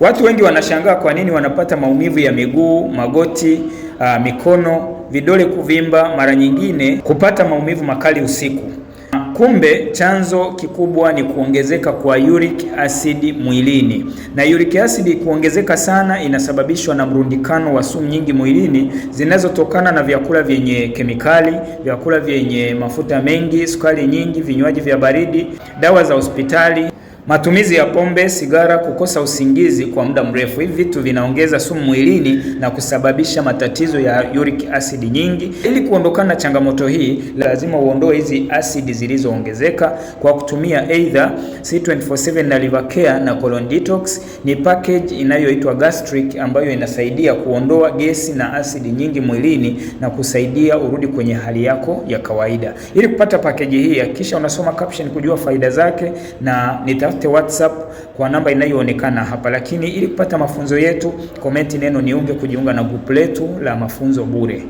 Watu wengi wanashangaa kwa nini wanapata maumivu ya miguu, magoti, aa, ah, mikono, vidole kuvimba, mara nyingine kupata maumivu makali usiku. Kumbe chanzo kikubwa ni kuongezeka kwa uric acid mwilini, na uric acid kuongezeka sana inasababishwa na mrundikano wa sumu nyingi mwilini zinazotokana na vyakula vyenye kemikali, vyakula vyenye mafuta mengi, sukari nyingi, vinywaji vya baridi, dawa za hospitali. Matumizi ya pombe, sigara, kukosa usingizi kwa muda mrefu. Hivi vitu vinaongeza sumu mwilini na kusababisha matatizo ya uric acid nyingi. Ili kuondokana na changamoto hii, lazima uondoe hizi asidi zilizoongezeka kwa kutumia either C247 na Liver Care na Colon Detox. Ni package inayoitwa Gastric ambayo inasaidia kuondoa gesi na asidi nyingi mwilini na kusaidia urudi kwenye hali yako ya kawaida. Ili kupata package hii, hakikisha unasoma caption kujua faida zake na nita tutafute WhatsApp kwa namba inayoonekana hapa, lakini ili kupata mafunzo yetu, komenti neno niunge kujiunga na grupu letu la mafunzo bure.